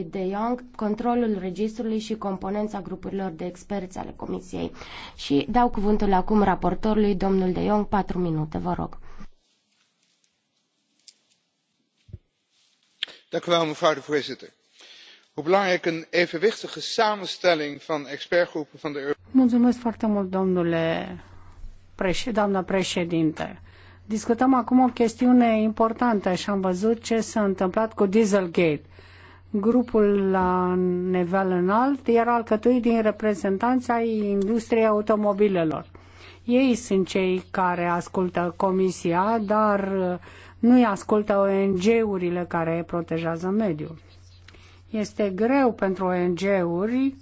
lui De Jong controlul registrului și componența grupurilor de experți ale Comisiei. Și dau cuvântul acum raportorului, domnul De Jong, patru minute, vă rog. Dank u wel, mevrouw de voorzitter hoe belangrijk een evenwichtige samenstelling van expertgroepen van de. Europese Unie. mulțumesc foarte mult domnule doamnă președinte discutăm acum o chestiune importantă și am văzut ce s a întâmplat cu dieselgate Grupul la nivel înalt era alcătuit din reprezentanța industriei automobilelor. Ei sunt cei care ascultă comisia, dar nu-i ascultă ONG-urile care protejează mediul. Este greu pentru ONG-uri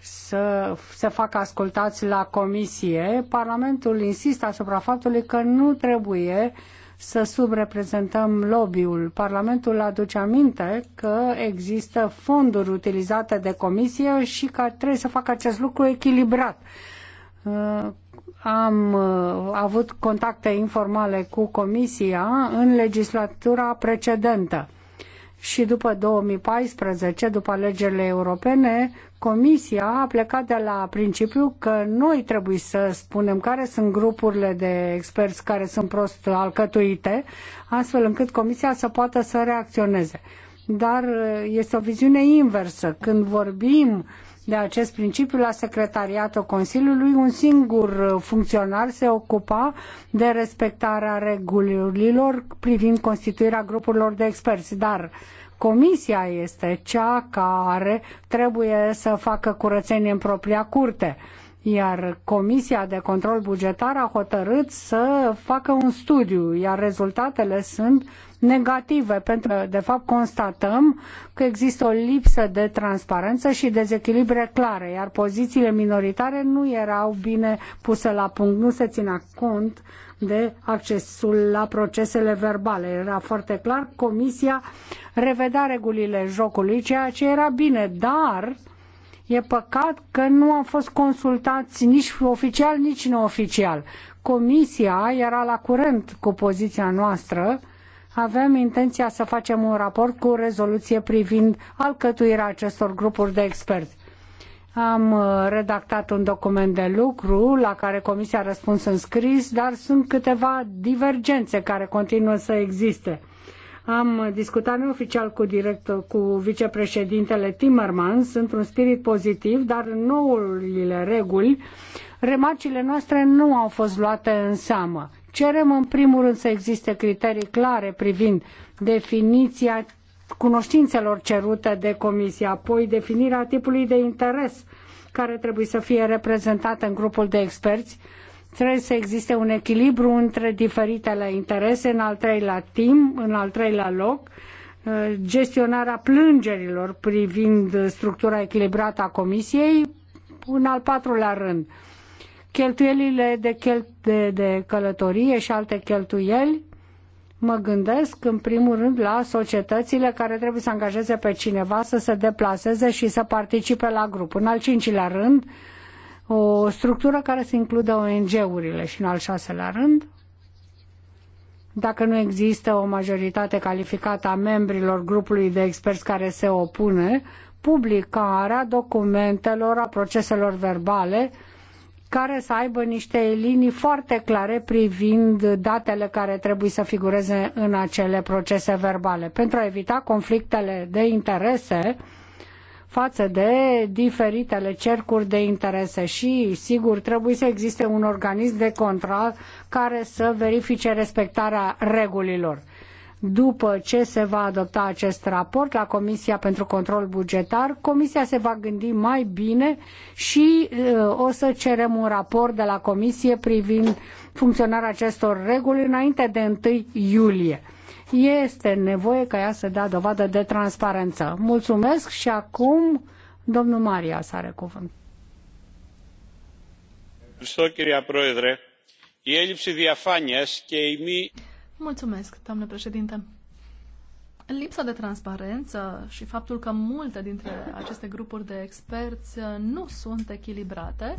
să se facă ascultați la comisie. Parlamentul insistă asupra faptului că nu trebuie să subreprezentăm lobby-ul. Parlamentul aduce aminte că există fonduri utilizate de comisie și că trebuie să facă acest lucru echilibrat. Uh, am uh, avut contacte informale cu comisia în legislatura precedentă și după 2014, după alegerile europene, Comisia a plecat de la principiu că noi trebuie să spunem care sunt grupurile de experți care sunt prost alcătuite, astfel încât Comisia să poată să reacționeze. Dar este o viziune inversă. Când vorbim de acest principiu la secretariatul Consiliului. Un singur funcționar se ocupa de respectarea regulilor privind constituirea grupurilor de experți, dar Comisia este cea care trebuie să facă curățenie în propria curte iar Comisia de Control Bugetar a hotărât să facă un studiu, iar rezultatele sunt negative, pentru că, de fapt, constatăm că există o lipsă de transparență și dezechilibre clare, iar pozițiile minoritare nu erau bine puse la punct, nu se ținea cont de accesul la procesele verbale. Era foarte clar, comisia revedea regulile jocului, ceea ce era bine, dar e păcat că nu au fost consultați nici oficial, nici neoficial. Comisia era la curent cu poziția noastră avem intenția să facem un raport cu rezoluție privind alcătuirea acestor grupuri de experți. Am uh, redactat un document de lucru la care Comisia a răspuns în scris, dar sunt câteva divergențe care continuă să existe. Am discutat neoficial cu, director, cu vicepreședintele Timmermans într-un spirit pozitiv, dar în noile reguli remarcile noastre nu au fost luate în seamă. Cerem în primul rând să existe criterii clare privind definiția cunoștințelor cerute de comisie, apoi definirea tipului de interes care trebuie să fie reprezentat în grupul de experți. Trebuie să existe un echilibru între diferitele interese, în al treilea timp, în al treilea loc, gestionarea plângerilor privind structura echilibrată a comisiei, în al patrulea rând, cheltuielile de, chel- de, de călătorie și alte cheltuieli, mă gândesc în primul rând la societățile care trebuie să angajeze pe cineva să se deplaseze și să participe la grup. În al cincilea rând, o structură care să includă ONG-urile și în al șaselea rând, dacă nu există o majoritate calificată a membrilor grupului de experți care se opune, publicarea documentelor, a proceselor verbale, care să aibă niște linii foarte clare privind datele care trebuie să figureze în acele procese verbale, pentru a evita conflictele de interese față de diferitele cercuri de interese și, sigur, trebuie să existe un organism de control care să verifice respectarea regulilor. După ce se va adopta acest raport la Comisia pentru Control Bugetar, Comisia se va gândi mai bine și uh, o să cerem un raport de la Comisie privind funcționarea acestor reguli înainte de 1 iulie. Este nevoie ca ea să dea dovadă de transparență. Mulțumesc și acum domnul Marias are cuvânt. Ευχαριστώ κυρία Πρόεδρε. Η έλλειψη διαφάνειας και η μη Mulțumesc, doamnă președinte. Lipsa de transparență și faptul că multe dintre aceste grupuri de experți uh, nu sunt echilibrate,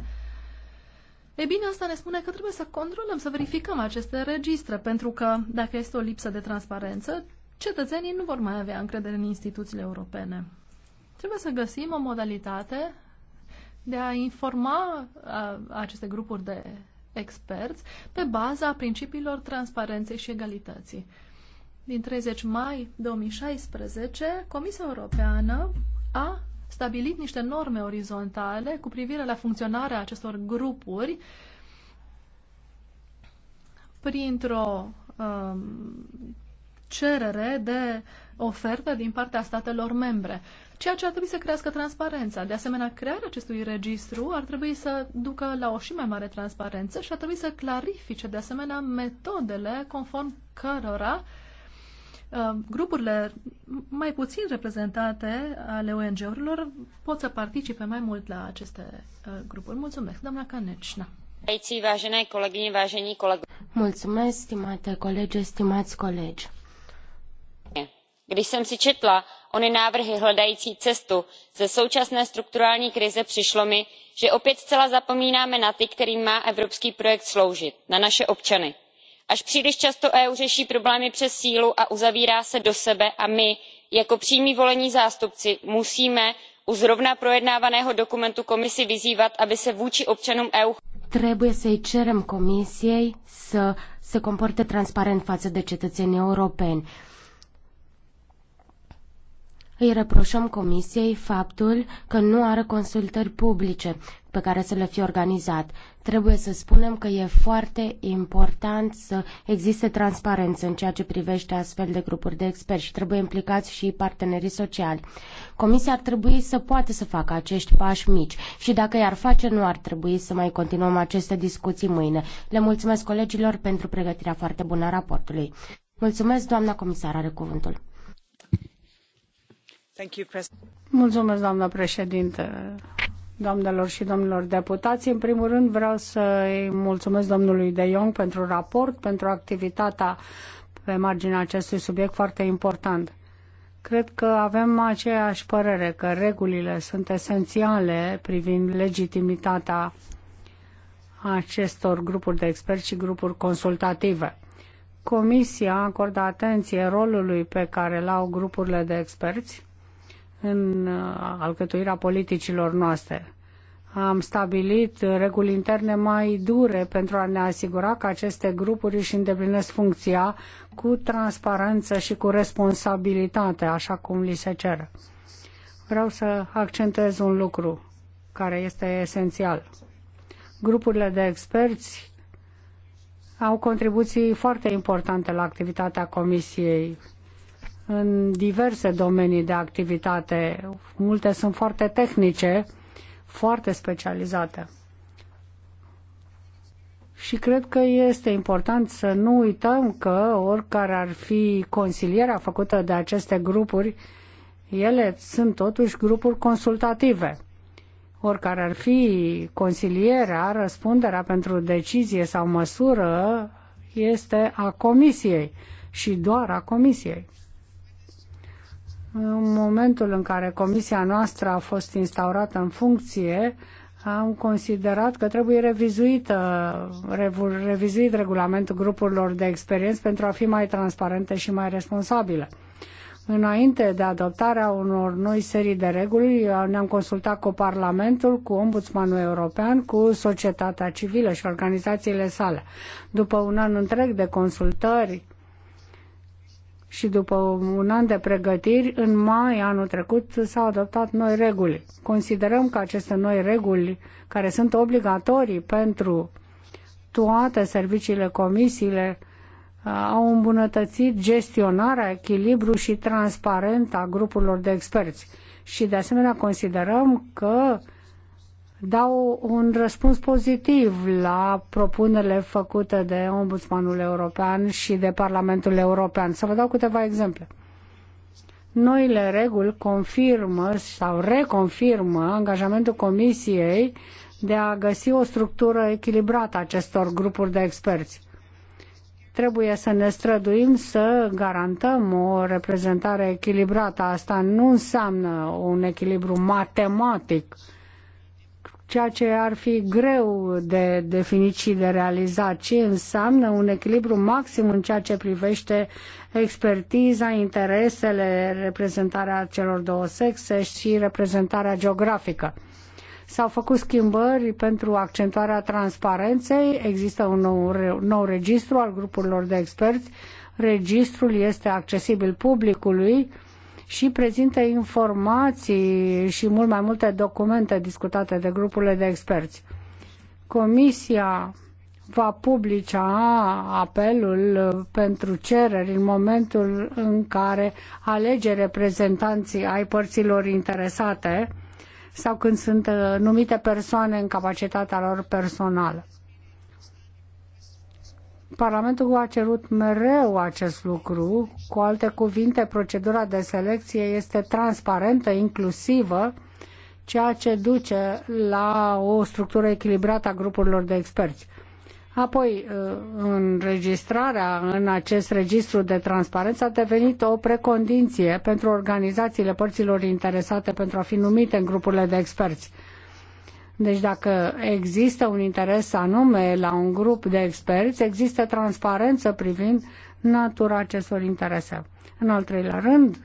e bine, asta ne spune că trebuie să controlăm, să verificăm aceste registre, pentru că dacă este o lipsă de transparență, cetățenii nu vor mai avea încredere în instituțiile europene. Trebuie să găsim o modalitate de a informa a, uh, aceste grupuri de experți pe baza principiilor transparenței și egalității. Din 30 mai 2016, Comisia Europeană a stabilit niște norme orizontale cu privire la funcționarea acestor grupuri printr-o um, cerere de ofertă din partea statelor membre ceea ce ar trebui să crească transparența. De asemenea, crearea acestui registru ar trebui să ducă la o și mai mare transparență și ar trebui să clarifice, de asemenea, metodele conform cărora uh, grupurile mai puțin reprezentate ale ONG-urilor pot să participe mai mult la aceste uh, grupuri. Mulțumesc, doamna Canecna. Mulțumesc, stimate colegi, stimați colegi když jsem si četla ony návrhy hledající cestu ze současné strukturální krize přišlo mi že opět zcela zapomínáme na ty kterým má evropský projekt sloužit na naše občany. až příliš často eu řeší problémy přes sílu a uzavírá se do sebe a my jako přímí volení zástupci musíme u zrovna projednávaného dokumentu komisi vyzývat aby se vůči občanům eu Trebuie să-i cerem Comisiei să se comporte transparent față de cetățenii europeni. Îi reproșăm Comisiei faptul că nu are consultări publice pe care să le fie organizat. Trebuie să spunem că e foarte important să existe transparență în ceea ce privește astfel de grupuri de experți și trebuie implicați și partenerii sociali. Comisia ar trebui să poată să facă acești pași mici și dacă i-ar face, nu ar trebui să mai continuăm aceste discuții mâine. Le mulțumesc colegilor pentru pregătirea foarte bună a raportului. Mulțumesc, doamna comisar, are cuvântul. Mulțumesc, doamnă președinte, doamnelor și domnilor deputați. În primul rând vreau să-i mulțumesc domnului De Jong pentru raport, pentru activitatea pe marginea acestui subiect foarte important. Cred că avem aceeași părere că regulile sunt esențiale privind legitimitatea acestor grupuri de experți și grupuri consultative. Comisia acordă atenție rolului pe care l-au grupurile de experți în uh, alcătuirea politicilor noastre. Am stabilit reguli interne mai dure pentru a ne asigura că aceste grupuri își îndeplinesc funcția cu transparență și cu responsabilitate, așa cum li se cere. Vreau să accentuez un lucru care este esențial. Grupurile de experți au contribuții foarte importante la activitatea Comisiei în diverse domenii de activitate. Multe sunt foarte tehnice, foarte specializate. Și cred că este important să nu uităm că oricare ar fi consilierea făcută de aceste grupuri, ele sunt totuși grupuri consultative. Oricare ar fi consilierea, răspunderea pentru decizie sau măsură este a comisiei și doar a comisiei. În momentul în care comisia noastră a fost instaurată în funcție, am considerat că trebuie revizuită, revizuit regulamentul grupurilor de experiență pentru a fi mai transparente și mai responsabile. Înainte de adoptarea unor noi serii de reguli, ne-am consultat cu Parlamentul, cu Ombudsmanul European, cu societatea civilă și organizațiile sale. După un an întreg de consultări, și după un an de pregătiri, în mai anul trecut s-au adoptat noi reguli. Considerăm că aceste noi reguli, care sunt obligatorii pentru toate serviciile, comisiile, uh, au îmbunătățit gestionarea, echilibru și transparent a grupurilor de experți. Și de asemenea considerăm că uh, dau un răspuns pozitiv la propunerile făcute de Ombudsmanul European și de Parlamentul European. Să vă dau câteva exemple. Noile reguli confirmă sau reconfirmă angajamentul Comisiei de a găsi o structură echilibrată acestor grupuri de experți. Trebuie să ne străduim să garantăm o reprezentare echilibrată. Asta nu înseamnă un echilibru matematic, ceea ce ar fi greu de definit și de realizat, ci înseamnă un echilibru maxim în ceea ce privește expertiza, interesele, reprezentarea celor două sexe și reprezentarea geografică. S-au făcut schimbări pentru accentuarea transparenței, există un nou, nou registru al grupurilor de experți, registrul este accesibil publicului, și prezintă informații și mult mai multe documente discutate de grupurile de experți. Comisia va publica apelul uh, pentru cereri în momentul în care alege reprezentanții ai părților interesate sau când sunt uh, numite persoane în capacitatea lor personală. Parlamentul a cerut mereu acest lucru. Cu alte cuvinte, procedura de selecție este transparentă, inclusivă, ceea ce duce la o structură echilibrată a grupurilor de experți. Apoi, uh, înregistrarea în acest registru de transparență a devenit o precondiție pentru organizațiile părților interesate pentru a fi numite în grupurile de experți. Deci dacă există un interes anume la un grup de experți, există transparență privind natura acestor interese. În al treilea rând,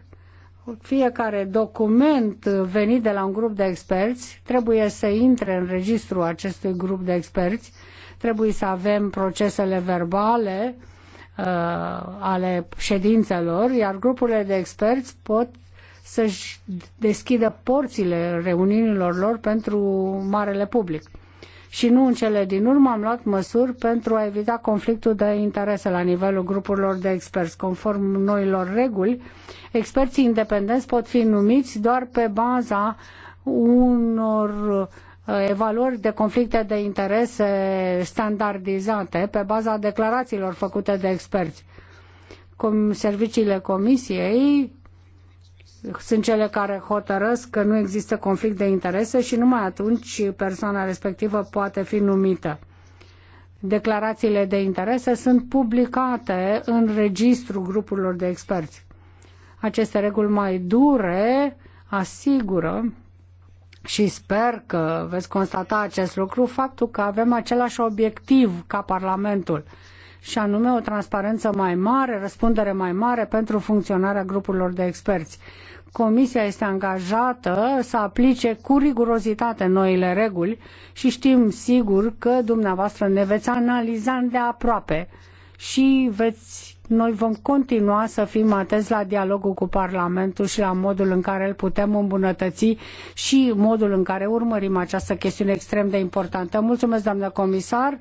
fiecare document venit de la un grup de experți trebuie să intre în registrul acestui grup de experți, trebuie să avem procesele verbale uh, ale ședințelor, iar grupurile de experți pot să-și deschidă porțile reuniunilor lor pentru marele public. Și nu în cele din urmă am luat măsuri pentru a evita conflictul de interese la nivelul grupurilor de experți. Conform noilor reguli, experții independenți pot fi numiți doar pe baza unor uh, evaluări de conflicte de interese standardizate pe baza declarațiilor făcute de experți. Cum serviciile comisiei sunt cele care hotărăsc că nu există conflict de interese și numai atunci persoana respectivă poate fi numită. Declarațiile de interese sunt publicate în registrul grupurilor de experți. Aceste reguli mai dure asigură și sper că veți constata acest lucru, faptul că avem același obiectiv ca Parlamentul și anume o transparență mai mare, răspundere mai mare pentru funcționarea grupurilor de experți. Comisia este angajată să aplice cu rigurozitate noile reguli și știm sigur că dumneavoastră ne veți analiza de aproape și veți, noi vom continua să fim atenți la dialogul cu Parlamentul și la modul în care îl putem îmbunătăți și modul în care urmărim această chestiune extrem de importantă. Mulțumesc, doamnă comisar.